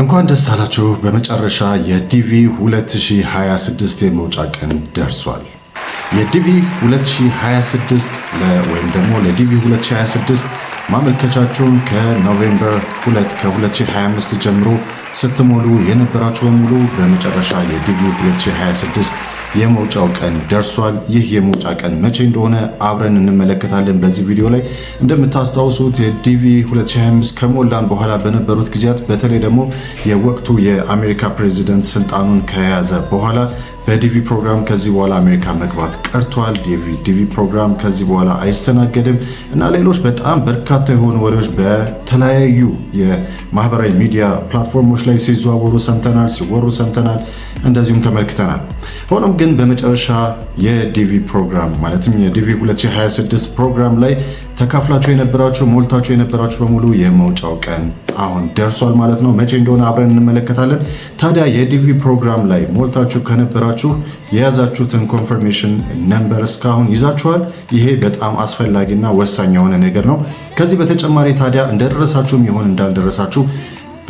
እንኳን ደስ አላችሁ። በመጨረሻ የዲቪ 2026 የመውጫ ቀን ደርሷል። የዲቪ 2026 ወይም ደግሞ ለዲቪ 2026 ማመልከቻችሁን ከኖቬምበር 2 ከ2025 ጀምሮ ስትሞሉ የነበራችሁ በሙሉ በመጨረሻ የዲቪ 2026 የመውጫው ቀን ደርሷል። ይህ የመውጫ ቀን መቼ እንደሆነ አብረን እንመለከታለን በዚህ ቪዲዮ ላይ። እንደምታስታውሱት የዲቪ 2025 ከሞላን በኋላ በነበሩት ጊዜያት በተለይ ደግሞ የወቅቱ የአሜሪካ ፕሬዚደንት ስልጣኑን ከያዘ በኋላ በዲቪ ፕሮግራም ከዚህ በኋላ አሜሪካ መግባት ቀርቷል። ዲቪ ፕሮግራም ከዚህ በኋላ አይስተናገድም እና ሌሎች በጣም በርካታ የሆኑ ወሬዎች በተለያዩ የማህበራዊ ሚዲያ ፕላትፎርሞች ላይ ሲዘዋወሩ ሰምተናል፣ ሲወሩ ሰምተናል። እንደዚሁም ተመልክተናል። ሆኖም ግን በመጨረሻ የዲቪ ፕሮግራም ማለትም የዲቪ 2026 ፕሮግራም ላይ ተካፍላችሁ የነበራችሁ ሞልታችሁ የነበራችሁ በሙሉ የመውጫው ቀን አሁን ደርሷል ማለት ነው። መቼ እንደሆነ አብረን እንመለከታለን። ታዲያ የዲቪ ፕሮግራም ላይ ሞልታችሁ ከነበራችሁ የያዛችሁትን ኮንፈርሜሽን ነምበር እስካሁን ይዛችኋል። ይሄ በጣም አስፈላጊና ወሳኝ የሆነ ነገር ነው። ከዚህ በተጨማሪ ታዲያ እንደደረሳችሁም ይሆን እንዳልደረሳችሁ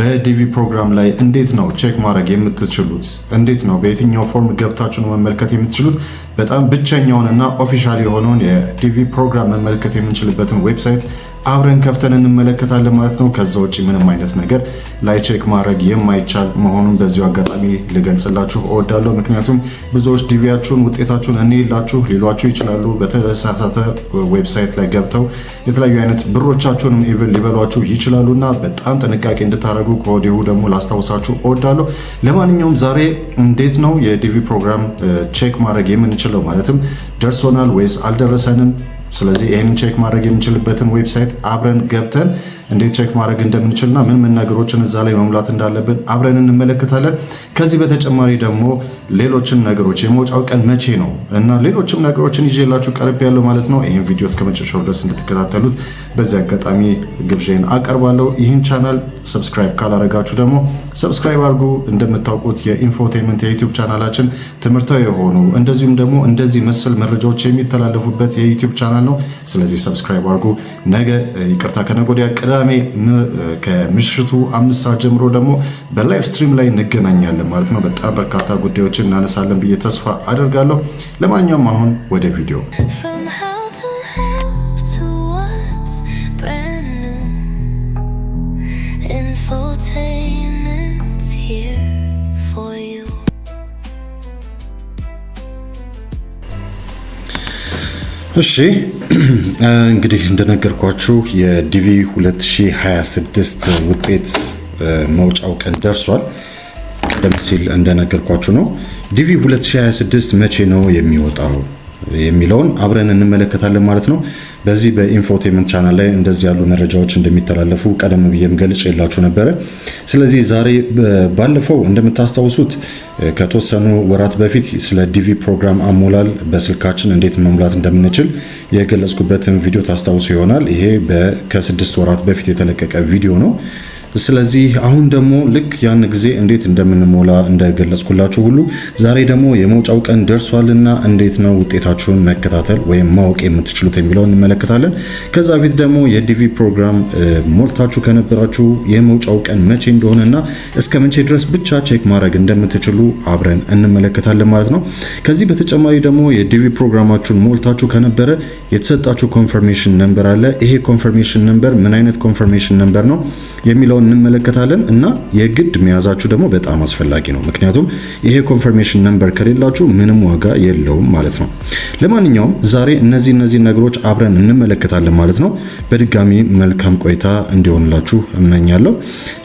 በዲቪ ፕሮግራም ላይ እንዴት ነው ቼክ ማድረግ የምትችሉት? እንዴት ነው በየትኛው ፎርም ገብታችሁን መመልከት የምትችሉት? በጣም ብቸኛውንና ኦፊሻል የሆነውን የዲቪ ፕሮግራም መመልከት የምንችልበትን ዌብሳይት አብረን ከፍተን እንመለከታለን ማለት ነው። ከዛ ውጭ ምንም አይነት ነገር ላይ ቼክ ማድረግ የማይቻል መሆኑን በዚሁ አጋጣሚ ልገልጽላችሁ እወዳለሁ። ምክንያቱም ብዙዎች ዲቪያችሁን፣ ውጤታችሁን እኔላችሁ ሊሏችሁ ይችላሉ። በተሳሳተ ዌብሳይት ላይ ገብተው የተለያዩ አይነት ብሮቻችሁንም ኢቭን ሊበሏችሁ ይችላሉ እና በጣም ጥንቃቄ እንድታደረጉ ከወዲሁ ደግሞ ላስታውሳችሁ እወዳለሁ። ለማንኛውም ዛሬ እንዴት ነው የዲቪ ፕሮግራም ቼክ ማድረግ የምንችለው ማለትም ደርሶናል ወይስ አልደረሰንም ስለዚህ ይህንን ቼክ ማድረግ የምንችልበትን ዌብሳይት አብረን ገብተን እንዴት ቼክ ማድረግ እንደምንችልና ምን ምን ነገሮችን እዛ ላይ መሙላት እንዳለብን አብረን እንመለከታለን። ከዚህ በተጨማሪ ደግሞ ሌሎችም ነገሮች የመውጫው ቀን መቼ ነው እና ሌሎችም ነገሮችን ይዤላችሁ ቀርብ ያለው ማለት ነው። ይህን ቪዲዮ እስከ መጨረሻው ድረስ እንድትከታተሉት በዚህ አጋጣሚ ግብዣን አቀርባለሁ። ይህን ቻናል ሰብስክራይብ ካላረጋችሁ ደግሞ ሰብስክራይብ አድርጉ። እንደምታውቁት የኢንፎቴንመንት የዩቲዩብ ቻናላችን ትምህርታዊ የሆኑ እንደዚሁም ደግሞ እንደዚህ መሰል መረጃዎች የሚተላለፉበት የዩቲዩብ ቻናል ነው። ስለዚህ ሰብስክራይብ አድርጉ። ነገ ይቅርታ ከነገ ወዲያ ቅዳሜ ከምሽቱ አምስት ሰዓት ጀምሮ ደግሞ በላይቭ ስትሪም ላይ እንገናኛለን ማለት ነው። በጣም በርካታ ጉዳዮችን እናነሳለን ብዬ ተስፋ አደርጋለሁ። ለማንኛውም አሁን ወደ ቪዲዮ እሺ እንግዲህ እንደነገርኳችሁ የዲቪ 2026 ውጤት መውጫው ቀን ደርሷል። ቀደም ሲል እንደነገርኳችሁ ነው። ዲቪ 2026 መቼ ነው የሚወጣው የሚለውን አብረን እንመለከታለን ማለት ነው። በዚህ በኢንፎቴመንት ቻናል ላይ እንደዚህ ያሉ መረጃዎች እንደሚተላለፉ ቀደም ብዬም ገልጽ የላችሁ ነበረ። ስለዚህ ዛሬ ባለፈው እንደምታስታውሱት ከተወሰኑ ወራት በፊት ስለ ዲቪ ፕሮግራም አሞላል በስልካችን እንዴት መሙላት እንደምንችል የገለጽኩበትን ቪዲዮ ታስታውሱ ይሆናል። ይሄ ከስድስት ወራት በፊት የተለቀቀ ቪዲዮ ነው። ስለዚህ አሁን ደግሞ ልክ ያን ጊዜ እንዴት እንደምንሞላ እንደገለጽኩላችሁ ሁሉ ዛሬ ደግሞ የመውጫው ቀን ደርሷልና እንዴት ነው ውጤታችሁን መከታተል ወይም ማወቅ የምትችሉት የሚለውን እንመለከታለን። ከዛ በፊት ደግሞ የዲቪ ፕሮግራም ሞልታችሁ ከነበራችሁ የመውጫው ቀን መቼ እንደሆነና እስከ መቼ ድረስ ብቻ ቼክ ማድረግ እንደምትችሉ አብረን እንመለከታለን ማለት ነው። ከዚህ በተጨማሪ ደግሞ የዲቪ ፕሮግራማችሁን ሞልታችሁ ከነበረ የተሰጣችሁ ኮንፈርሜሽን ነንበር አለ። ይሄ ኮንፈርሜሽን ነንበር ምን አይነት ኮንፈርሜሽን ነንበር ነው የሚለው እንመለከታለን እና የግድ መያዛችሁ ደግሞ በጣም አስፈላጊ ነው። ምክንያቱም ይሄ ኮንፈርሜሽን ነምበር ከሌላችሁ ምንም ዋጋ የለውም ማለት ነው። ለማንኛውም ዛሬ እነዚህ እነዚህ ነገሮች አብረን እንመለከታለን ማለት ነው። በድጋሚ መልካም ቆይታ እንዲሆንላችሁ እመኛለሁ።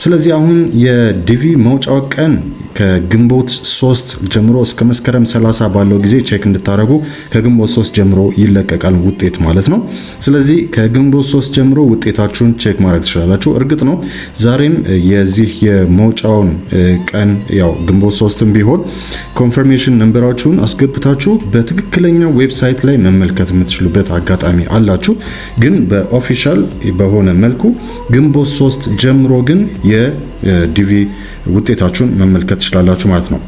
ስለዚህ አሁን የዲቪ መውጫው ቀን ከግንቦት 3 ጀምሮ እስከ መስከረም 30 ባለው ጊዜ ቼክ እንድታደርጉ ከግንቦት 3 ጀምሮ ይለቀቃል ውጤት ማለት ነው። ስለዚህ ከግንቦት 3 ጀምሮ ውጤታችሁን ቼክ ማድረግ ትችላላችሁ። እርግጥ ነው ዛሬም የዚህ የመውጫውን ቀን ያው ግንቦት 3ም ቢሆን ኮንፈርሜሽን ነንበራችሁን አስገብታችሁ በትክክለኛው ዌብሳይት ላይ መመልከት የምትችሉበት አጋጣሚ አላችሁ። ግን በኦፊሻል በሆነ መልኩ ግንቦት 3 ጀምሮ ግን የዲቪ ውጤታችሁን መመልከት ትችላላችሁ ማለት ነው።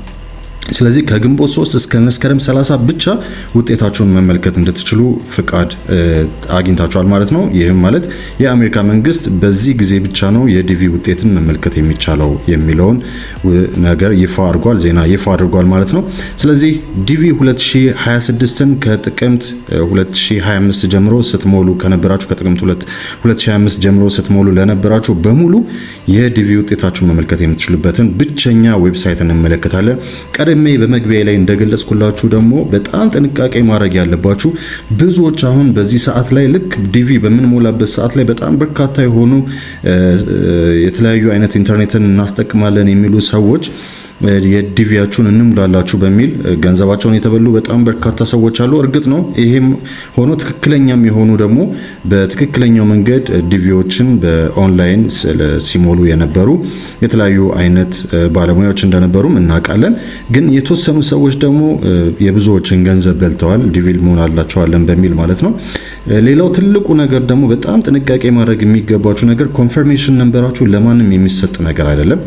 ስለዚህ ከግንቦት 3 እስከ መስከረም 30 ብቻ ውጤታቸውን መመልከት እንድትችሉ ፍቃድ አግኝታችኋል ማለት ነው። ይህም ማለት የአሜሪካ መንግስት በዚህ ጊዜ ብቻ ነው የዲቪ ውጤትን መመልከት የሚቻለው የሚለውን ነገር ይፋ አድርጓል፣ ዜና ይፋ አድርጓል ማለት ነው። ስለዚህ ዲቪ 2026ን ከጥቅምት 2025 ጀምሮ ስትሞሉ ከነበራችሁ ከጥቅምት 2025 ጀምሮ ስትሞሉ ለነበራችሁ በሙሉ የዲቪ ውጤታችሁን መመልከት የምትችሉበትን ብቸኛ ዌብሳይት እንመለከታለን። ደጋግሜ በመግቢያ ላይ እንደገለጽኩላችሁ ደግሞ በጣም ጥንቃቄ ማድረግ ያለባችሁ ብዙዎች አሁን በዚህ ሰዓት ላይ ልክ ዲቪ በምንሞላበት ሰዓት ላይ በጣም በርካታ የሆኑ የተለያዩ አይነት ኢንተርኔትን እናስጠቅማለን የሚሉ ሰዎች የዲቪያችሁን እንሙላላችሁ በሚል ገንዘባቸውን የተበሉ በጣም በርካታ ሰዎች አሉ። እርግጥ ነው ይሄም ሆኖ ትክክለኛም የሆኑ ደግሞ በትክክለኛው መንገድ ዲቪዎችን በኦንላይን ሲሞሉ የነበሩ የተለያዩ አይነት ባለሙያዎች እንደነበሩም እናውቃለን። ግን የተወሰኑ ሰዎች ደግሞ የብዙዎችን ገንዘብ በልተዋል። ዲቪ እንሞላላቸዋለን በሚል ማለት ነው። ሌላው ትልቁ ነገር ደግሞ በጣም ጥንቃቄ ማድረግ የሚገባችሁ ነገር ኮንፈርሜሽን ነንበራችሁ ለማንም የሚሰጥ ነገር አይደለም።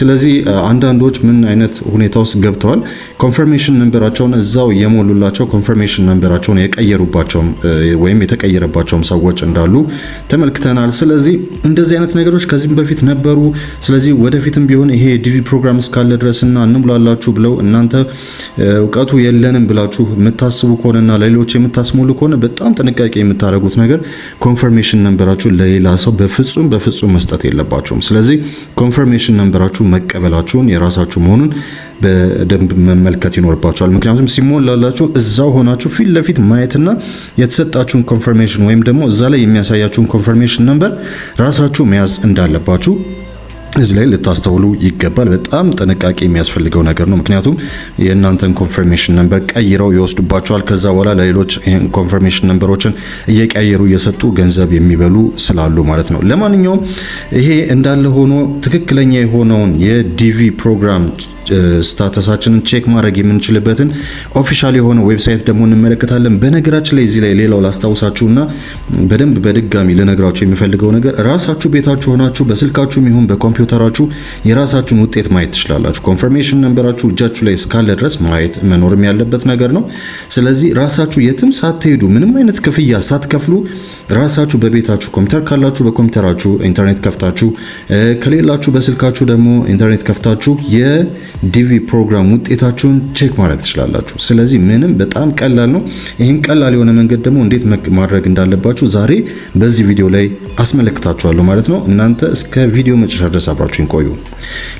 ስለዚህ አንዳንዶች ምን አይነት ሁኔታ ውስጥ ገብተዋል። ኮንፈርሜሽን መንበራቸውን እዛው የሞሉላቸው ኮንፈርሜሽን መንበራቸውን የቀየሩባቸውም ወይም የተቀየረባቸውም ሰዎች እንዳሉ ተመልክተናል። ስለዚህ እንደዚህ አይነት ነገሮች ከዚህም በፊት ነበሩ። ስለዚህ ወደፊትም ቢሆን ይሄ ዲቪ ፕሮግራም እስካለ ድረስና እንሙላላችሁ ብለው እናንተ እውቀቱ የለንም ብላችሁ የምታስቡ ከሆነና ለሌሎች የምታስሞሉ ከሆነ በጣም ጥንቃቄ የምታደርጉት ነገር ኮንፈርሜሽን ነንበራችሁ ለሌላ ሰው በፍጹም በፍጹም መስጠት የለባቸውም ስለዚህ ኮንፈርሜሽን ነንበራችሁ መቀበላችሁን የራሳችሁ ያላችሁ መሆኑን በደንብ መመልከት ይኖርባቸዋል። ምክንያቱም ሲሞላላችሁ እዛው ሆናችሁ ፊት ለፊት ማየትና የተሰጣችሁን ኮንፈርሜሽን ወይም ደግሞ እዛ ላይ የሚያሳያችሁን ኮንፈርሜሽን ነንበር ራሳችሁ መያዝ እንዳለባችሁ እዚህ ላይ ልታስተውሉ ይገባል። በጣም ጥንቃቄ የሚያስፈልገው ነገር ነው። ምክንያቱም የእናንተን ኮንፈርሜሽን ነምበር ቀይረው ይወስዱባቸዋል። ከዛ በኋላ ለሌሎች ኮንፈርሜሽን ነምበሮችን እየቀየሩ እየሰጡ ገንዘብ የሚበሉ ስላሉ ማለት ነው። ለማንኛውም ይሄ እንዳለ ሆኖ ትክክለኛ የሆነውን የዲቪ ፕሮግራም ስታተሳችንን ቼክ ማድረግ የምንችልበትን ኦፊሻል የሆነ ዌብሳይት ደግሞ እንመለከታለን። በነገራችን ላይ እዚህ ላይ ሌላው ላስታውሳችሁና በደንብ በድጋሚ ልነግራችሁ የሚፈልገው ነገር ራሳችሁ ቤታችሁ ሆናችሁ በስልካችሁም ይሁን በኮምፒውተራችሁ የራሳችሁን ውጤት ማየት ትችላላችሁ። ኮንፈርሜሽን ነንበራችሁ እጃችሁ ላይ እስካለ ድረስ ማየት መኖርም ያለበት ነገር ነው። ስለዚህ ራሳችሁ የትም ሳትሄዱ ምንም አይነት ክፍያ ሳትከፍሉ ራሳችሁ በቤታችሁ ኮምፒውተር ካላችሁ በኮምፒውተራችሁ ኢንተርኔት ከፍታችሁ ከሌላችሁ በስልካችሁ ደግሞ ኢንተርኔት ከፍታችሁ ዲቪ ፕሮግራም ውጤታችሁን ቼክ ማድረግ ትችላላችሁ። ስለዚህ ምንም በጣም ቀላል ነው። ይህን ቀላል የሆነ መንገድ ደግሞ እንዴት ማድረግ እንዳለባችሁ ዛሬ በዚህ ቪዲዮ ላይ አስመለክታችኋለሁ ማለት ነው። እናንተ እስከ ቪዲዮ መጨረሻ ድረስ አብራችሁን ቆዩ።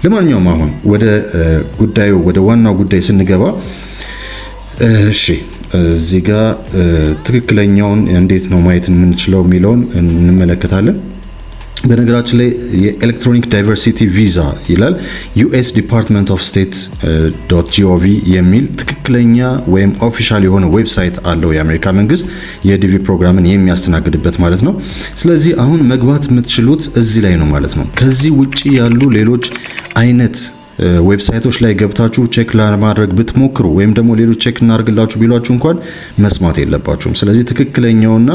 ለማንኛውም አሁን ወደ ጉዳዩ ወደ ዋናው ጉዳይ ስንገባ እሺ እዚህ ጋር ትክክለኛውን እንዴት ነው ማየት የምንችለው የሚለውን እንመለከታለን። በነገራችን ላይ የኤሌክትሮኒክ ዳይቨርሲቲ ቪዛ ይላል ዩኤስ ዲፓርትመንት ኦፍ ስቴት ዶት ጂኦቪ የሚል ትክክለኛ ወይም ኦፊሻል የሆነ ዌብሳይት አለው የአሜሪካ መንግስት የዲቪ ፕሮግራምን የሚያስተናግድበት ማለት ነው። ስለዚህ አሁን መግባት የምትችሉት እዚህ ላይ ነው ማለት ነው። ከዚህ ውጭ ያሉ ሌሎች አይነት ዌብሳይቶች ላይ ገብታችሁ ቼክ ለማድረግ ብትሞክሩ ወይም ደግሞ ሌሎች ቼክ እናደርግላችሁ ቢሏችሁ እንኳን መስማት የለባችሁም። ስለዚህ ትክክለኛውና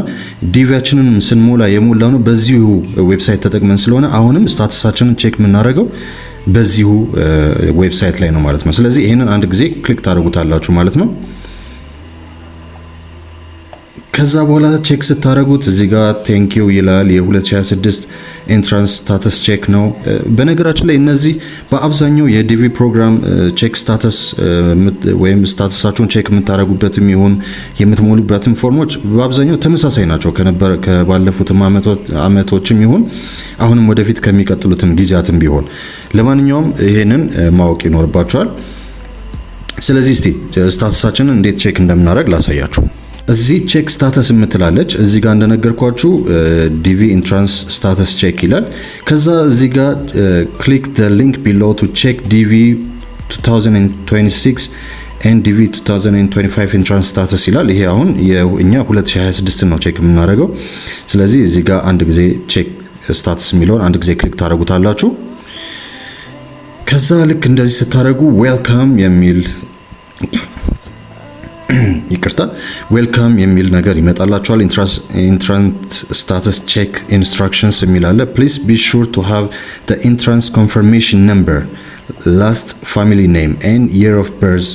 ዲቪያችንን ስንሞላ የሞላ ነው በዚሁ ዌብሳይት ተጠቅመን ስለሆነ አሁንም ስታትሳችንን ቼክ የምናደርገው በዚሁ ዌብሳይት ላይ ነው ማለት ነው። ስለዚህ ይህንን አንድ ጊዜ ክሊክ ታደርጉታላችሁ ማለት ነው። ከዛ በኋላ ቼክ ስታደረጉት እዚህ ጋር ቴንኪው ይላል። የ2026 ኢንትራንስ ስታተስ ቼክ ነው። በነገራችን ላይ እነዚህ በአብዛኛው የዲቪ ፕሮግራም ቼክ ስታተስ ወይም ስታተሳችሁን ቼክ የምታደረጉበትም ይሁን የምትሞሉበትም ፎርሞች በአብዛኛው ተመሳሳይ ናቸው ከባለፉትም አመቶችም ይሁን አሁንም ወደፊት ከሚቀጥሉትም ጊዜያትም ቢሆን ለማንኛውም ይሄንን ማወቅ ይኖርባቸዋል። ስለዚህ እስቲ ስታተሳችንን እንዴት ቼክ እንደምናደረግ ላሳያችሁም። እዚህ ቼክ ስታተስ የምትላለች እዚህ ጋር እንደነገርኳችሁ ዲቪ ኢንትራንስ ስታተስ ቼክ ይላል። ከዛ እዚህ ጋር ክሊክ ደ ሊንክ ቢሎ ቱ ቼክ ዲቪ 2026 ኤንድ ዲቪ 2025 ኢንትራንስ ስታተስ ይላል። ይሄ አሁን እኛ 2026 ነው ቼክ የምናደርገው። ስለዚህ እዚህ ጋር አንድ ጊዜ ቼክ ስታተስ የሚለውን አንድ ጊዜ ክሊክ ታደርጉታላችሁ። ከዛ ልክ እንደዚህ ስታደርጉ ዌልካም የሚል ይቅርታ ዌልካም የሚል ነገር ይመጣላችኋል። ኢንትራንት ስታተስ ቼክ ኢንስትራክሽንስ የሚላለ ፕሊስ ቢ ሹር ቱ ሃቭ ኢንትራንስ ኮንፈርሜሽን ነምበር ላስት ፋሚሊ ኔም ኤን የር ኦፍ በርዝ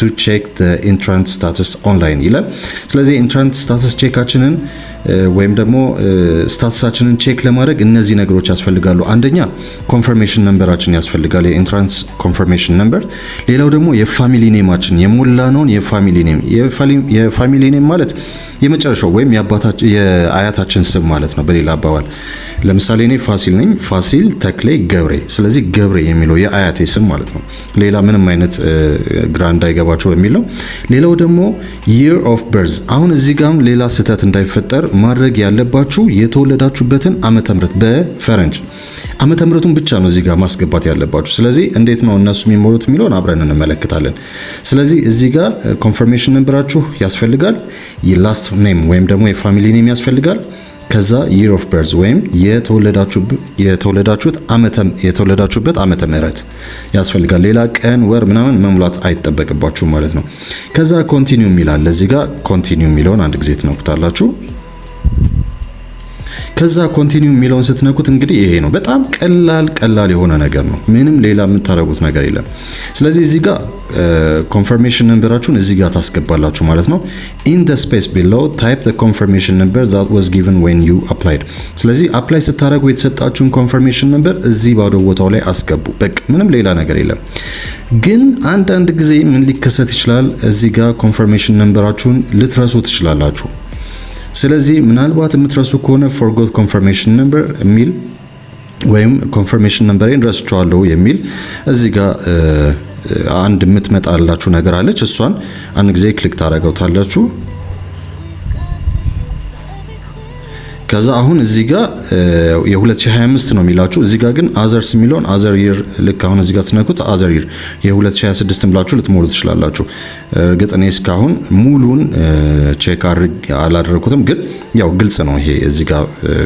ቱ ቼክ ኢንትራንት ስታተስ ኦንላይን ይላል። ስለዚህ ኢንትራንት ስታተስ ቼካችንን ወይም ደግሞ ስታትሳችንን ቼክ ለማድረግ እነዚህ ነገሮች ያስፈልጋሉ። አንደኛ ኮንፈርሜሽን ነምበራችን ያስፈልጋል፣ የኢንትራንስ ኮንፈርሜሽን ነምበር። ሌላው ደግሞ የፋሚሊ ኔማችን የሞላ ነውን የፋሚሊ ኔም። የፋሚሊ ኔም ማለት የመጨረሻው ወይም የአያታችን ስም ማለት ነው በሌላ አባባል። ለምሳሌ እኔ ፋሲል ነኝ፣ ፋሲል ተክሌ ገብሬ። ስለዚህ ገብሬ የሚለው የአያቴ ስም ማለት ነው። ሌላ ምንም አይነት ግራ እንዳይገባቸው በሚል ነው። ሌላው ደግሞ ይር ኦፍ በርዝ። አሁን እዚህ ጋም ሌላ ስህተት እንዳይፈጠር ማድረግ ያለባችሁ የተወለዳችሁበትን ዓመተ ምህረት በፈረንጅ ዓመተ ምህረቱን ብቻ ነው እዚህ ጋር ማስገባት ያለባችሁ። ስለዚህ እንዴት ነው እነሱ የሚሞሉት የሚለውን አብረን እንመለከታለን። ስለዚህ እዚህ ጋር ኮንፈርሜሽን ነምበራችሁ ያስፈልጋል፣ ላስት ኔም ወይም ደግሞ የፋሚሊ ኔም ያስፈልጋል። ከዛ ይር ኦፍ በርዝ ወይም የተወለዳችሁበት ዓመተ ምህረት ያስፈልጋል። ሌላ ቀን፣ ወር ምናምን መሙላት አይጠበቅባችሁ ማለት ነው። ከዛ ኮንቲኒው የሚላል እዚህ ጋር ኮንቲኒው የሚለውን አንድ ጊዜ ትነኩታላችሁ። ከዛ ኮንቲኒው የሚለውን ስትነኩት እንግዲህ ይሄ ነው። በጣም ቀላል ቀላል የሆነ ነገር ነው። ምንም ሌላ የምታደርጉት ነገር የለም። ስለዚህ እዚህ ጋር ኮንፈርሜሽን ነምበራችሁን እዚህ ጋር ታስገባላችሁ ማለት ነው። ኢን ዘ ስፔስ ቢሎው ታይፕ ዘ ኮንፈርሜሽን ነምበር ዛት ዋዝ ጊቨን ዌን ዩ አፕላይድ። ስለዚህ አፕላይ ስታደርጉ የተሰጣችሁን ኮንፈርሜሽን ነምበር እዚህ ባዶ ቦታው ላይ አስገቡ። በቃ ምንም ሌላ ነገር የለም። ግን አንዳንድ ጊዜ ምን ሊከሰት ይችላል? እዚህ ጋር ኮንፈርሜሽን ነምበራችሁን ልትረሱ ትችላላችሁ። ስለዚህ ምናልባት የምትረሱ ከሆነ ፎርጎት ኮንፈርሜሽን ነምበር የሚል ወይም ኮንፈርሜሽን ነምበሬን ረስቸዋለሁ የሚል እዚህ ጋር አንድ የምትመጣላችሁ ነገር አለች። እሷን አንድ ጊዜ ክሊክ ታደረገውታላችሁ። ከዛ አሁን እዚህ ጋር የ2025 ነው የሚላችሁ እዚህ ጋር ግን አዘርስ የሚለውን አዘር ይር ልክ አሁን እዚህ ጋር ትነኩት አዘር ይር የ2026 ብላችሁ ልትሞሉ ትችላላችሁ። እርግጥ እኔ እስካሁን ሙሉን ቼክ አላደረኩትም፣ ግን ያው ግልጽ ነው ይሄ እዚህ ጋር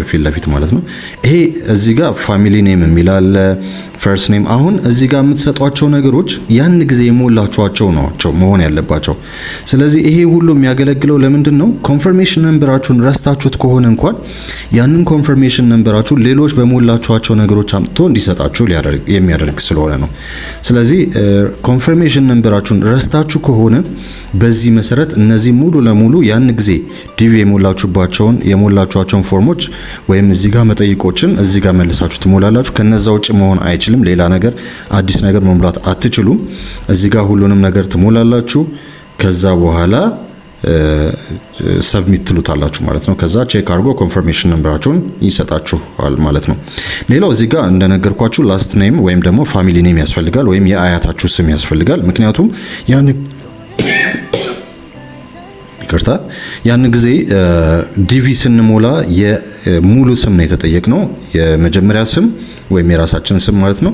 ፊት ለፊት ማለት ነው። ይሄ እዚህ ጋር ፋሚሊ ኔም የሚላለ ፈርስት ኔም። አሁን እዚህ ጋር የምትሰጧቸው ነገሮች ያን ጊዜ የሞላችኋቸው ናቸው መሆን ያለባቸው። ስለዚህ ይሄ ሁሉ የሚያገለግለው ለምንድን ነው? ኮንፈርሜሽን ነምበራችሁን ረስታችሁት ከሆነ እንኳን ያንን ኮንፈርሜሽን ነንበራችሁ ሌሎች በሞላችኋቸው ነገሮች አምጥቶ እንዲሰጣችሁ የሚያደርግ ስለሆነ ነው። ስለዚህ ኮንፈርሜሽን ነንበራችሁን ረስታችሁ ከሆነ በዚህ መሰረት እነዚህ ሙሉ ለሙሉ ያን ጊዜ ዲቪ የሞላችሁባቸውን የሞላችኋቸውን ፎርሞች ወይም እዚህ ጋር መጠይቆችን እዚህ ጋር መልሳችሁ ትሞላላችሁ። ከነዛ ውጭ መሆን አይችልም። ሌላ ነገር አዲስ ነገር መሙላት አትችሉም። እዚህ ጋር ሁሉንም ነገር ትሞላላችሁ። ከዛ በኋላ ሰብሚት ትሉታላችሁ ማለት ነው። ከዛ ቼክ አድርጎ ኮንፈርሜሽን ነምበራችሁን ይሰጣችኋል ማለት ነው። ሌላው እዚህ ጋር እንደነገርኳችሁ ላስት ኔም ወይም ደግሞ ፋሚሊ ኔም ያስፈልጋል ወይም የአያታችሁ ስም ያስፈልጋል። ምክንያቱም ያን ይቅርታ ያን ጊዜ ዲቪ ስንሞላ የሙሉ ስም ነው የተጠየቅነው የመጀመሪያ ስም ወይም የራሳችን ስም ማለት ነው።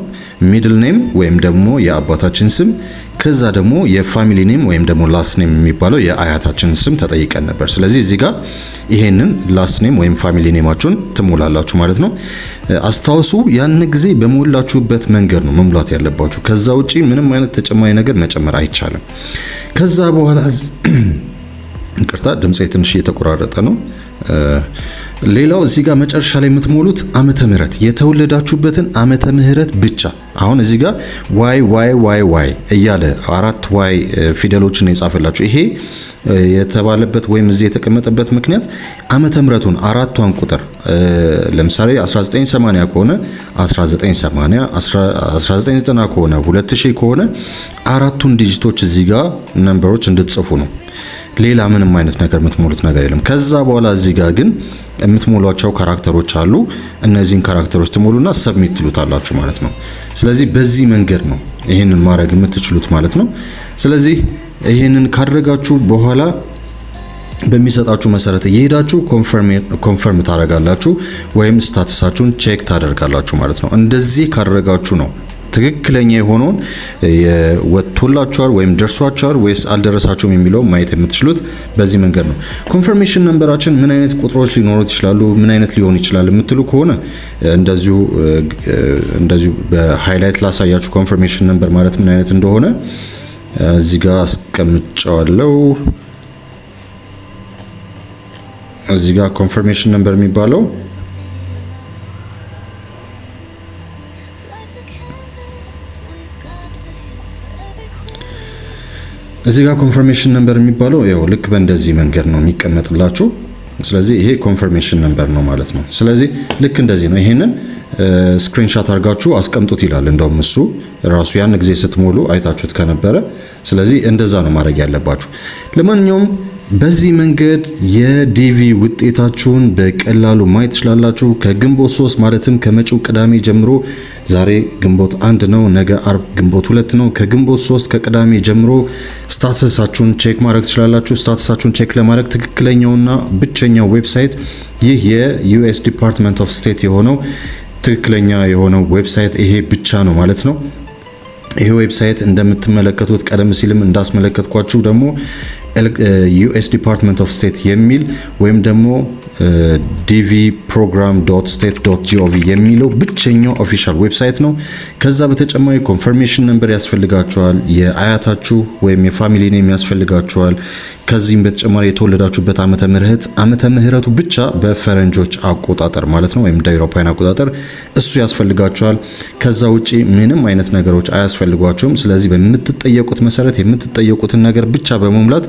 ሚድል ኔም ወይም ደግሞ የአባታችን ስም፣ ከዛ ደግሞ የፋሚሊ ኔም ወይም ደግሞ ላስ ኔም የሚባለው የአያታችን ስም ተጠይቀን ነበር። ስለዚህ እዚህ ጋር ይሄንን ላስ ኔም ወይም ፋሚሊ ኔማችሁን ትሞላላችሁ ማለት ነው። አስታውሱ፣ ያን ጊዜ በሞላችሁበት መንገድ ነው መሙላት ያለባችሁ። ከዛ ውጪ ምንም አይነት ተጨማሪ ነገር መጨመር አይቻልም። ከዛ በኋላ ይቅርታ፣ ድምፄ ትንሽ እየተቆራረጠ ነው። ሌላው እዚህ ጋር መጨረሻ ላይ የምትሞሉት ዓመተ ምህረት የተወለዳችሁበትን ዓመተ ምህረት ብቻ። አሁን እዚህ ጋር ዋይ ዋይ ዋይ ዋይ እያለ አራት ዋይ ፊደሎችን የጻፈላችሁ ይሄ የተባለበት ወይም እዚህ የተቀመጠበት ምክንያት ዓመተ ምህረቱን አራቷን ቁጥር ለምሳሌ 1980 ከሆነ 1980፣ 1990 ከሆነ 2000 ከሆነ አራቱን ዲጂቶች እዚህ ጋር ነምበሮች እንድትጽፉ ነው። ሌላ ምንም አይነት ነገር የምትሞሉት ነገር የለም። ከዛ በኋላ እዚህ ጋር ግን የምትሞሏቸው ካራክተሮች አሉ። እነዚህን ካራክተሮች ትሞሉና ሰብሚት ትሉታላችሁ ማለት ነው። ስለዚህ በዚህ መንገድ ነው ይህንን ማድረግ የምትችሉት ማለት ነው። ስለዚህ ይህንን ካደረጋችሁ በኋላ በሚሰጣችሁ መሰረት እየሄዳችሁ ኮንፈርም ታደርጋላችሁ ወይም ስታትሳችሁን ቼክ ታደርጋላችሁ ማለት ነው። እንደዚህ ካደረጋችሁ ነው ትክክለኛ የሆነውን ወጥቶላችኋል ወይም ደርሷችኋል ወይስ አልደረሳችሁም የሚለው ማየት የምትችሉት በዚህ መንገድ ነው። ኮንፈርሜሽን ነንበራችን ምን አይነት ቁጥሮች ሊኖሩት ይችላሉ፣ ምን አይነት ሊሆን ይችላል የምትሉ ከሆነ እንደዚሁ እንደዚሁ በሃይላይት ላሳያችሁ። ኮንፈርሜሽን ነንበር ማለት ምን አይነት እንደሆነ እዚህ ጋር አስቀምጫዋለሁ። እዚህ ጋር ኮንፈርሜሽን ነንበር የሚባለው እዚህ ጋር ኮንፈርሜሽን ነምበር የሚባለው ያው ልክ በእንደዚህ መንገድ ነው የሚቀመጥላችሁ። ስለዚህ ይሄ ኮንፈርሜሽን ነምበር ነው ማለት ነው። ስለዚህ ልክ እንደዚህ ነው። ይሄንን ስክሪንሻት አድርጋችሁ አስቀምጡት ይላል። እንደውም እሱ ራሱ ያን ጊዜ ስትሞሉ አይታችሁት ከነበረ። ስለዚህ እንደዛ ነው ማድረግ ያለባችሁ ለማንኛውም በዚህ መንገድ የዲቪ ውጤታችሁን በቀላሉ ማየት ትችላላችሁ። ከግንቦት 3 ማለትም ከመጪው ቅዳሜ ጀምሮ ዛሬ ግንቦት አንድ ነው፣ ነገ አርብ ግንቦት ሁለት ነው። ከግንቦት 3 ከቅዳሜ ጀምሮ ስታተሳችሁን ቼክ ማድረግ ትችላላችሁ። ስታተሳችሁን ቼክ ለማድረግ ትክክለኛውና ብቸኛው ዌብሳይት ይህ የዩኤስ ዲፓርትመንት ኦፍ ስቴት የሆነው ትክክለኛ የሆነው ዌብሳይት ይሄ ብቻ ነው ማለት ነው። ይሄ ዌብሳይት እንደምትመለከቱት ቀደም ሲልም እንዳስመለከትኳችሁ ደግሞ ዩኤስ ዲፓርትመንት ኦፍ ስቴት የሚል ወይም ደግሞ ዲቪ ፕሮግራም ዶት ስቴት ዶት ጂኦቪ የሚለው ብቸኛው ኦፊሻል ዌብሳይት ነው። ከዛ በተጨማሪ ኮንፈርሜሽን ነምበር ያስፈልጋችኋል፣ የአያታችሁ ወይም የፋሚሊ ኔም ያስፈልጋችኋል። ከዚህም በተጨማሪ የተወለዳችሁበት ዓመተ ምህረት ዓመተ ምህረቱ ብቻ በፈረንጆች አቆጣጠር ማለት ነው ወይም አውሮፓውያን አቆጣጠር እሱ ያስፈልጋችኋል። ከዛ ውጪ ምንም አይነት ነገሮች አያስፈልጓችሁም። ስለዚህ በምትጠየቁት መሰረት የምትጠየቁትን ነገር ብቻ በመሙላት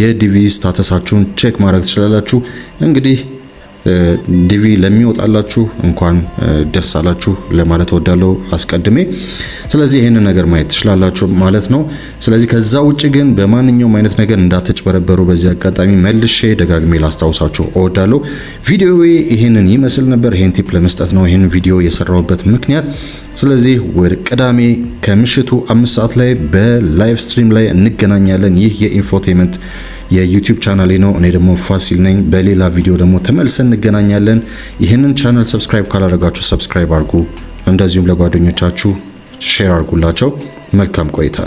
የዲቪ ስታተሳችሁን ቼክ ማድረግ ትችላላችሁ እንግዲህ ዲቪ ለሚወጣላችሁ እንኳን ደስ አላችሁ ለማለት ወዳለው አስቀድሜ። ስለዚህ ይህንን ነገር ማየት ትችላላችሁ ማለት ነው። ስለዚህ ከዛ ውጭ ግን በማንኛውም አይነት ነገር እንዳትጭበረበሩ በዚህ አጋጣሚ መልሼ ደጋግሜ ላስታውሳችሁ እወዳለሁ። ቪዲዮ ይህንን ይመስል ነበር። ይህን ቲፕ ለመስጠት ነው ይህን ቪዲዮ የሰራሁበት ምክንያት። ስለዚህ ወደ ቅዳሜ ከምሽቱ አምስት ሰዓት ላይ በላይቭ ስትሪም ላይ እንገናኛለን። ይህ የኢንፎቴመንት የዩቲዩብ ቻናሌ ነው። እኔ ደግሞ ፋሲል ነኝ። በሌላ ቪዲዮ ደግሞ ተመልሰን እንገናኛለን። ይህንን ቻናል ሰብስክራይብ ካላደረጋችሁ ሰብስክራይብ አድርጉ። እንደዚሁም ለጓደኞቻችሁ ሼር አድርጉላቸው። መልካም ቆይታ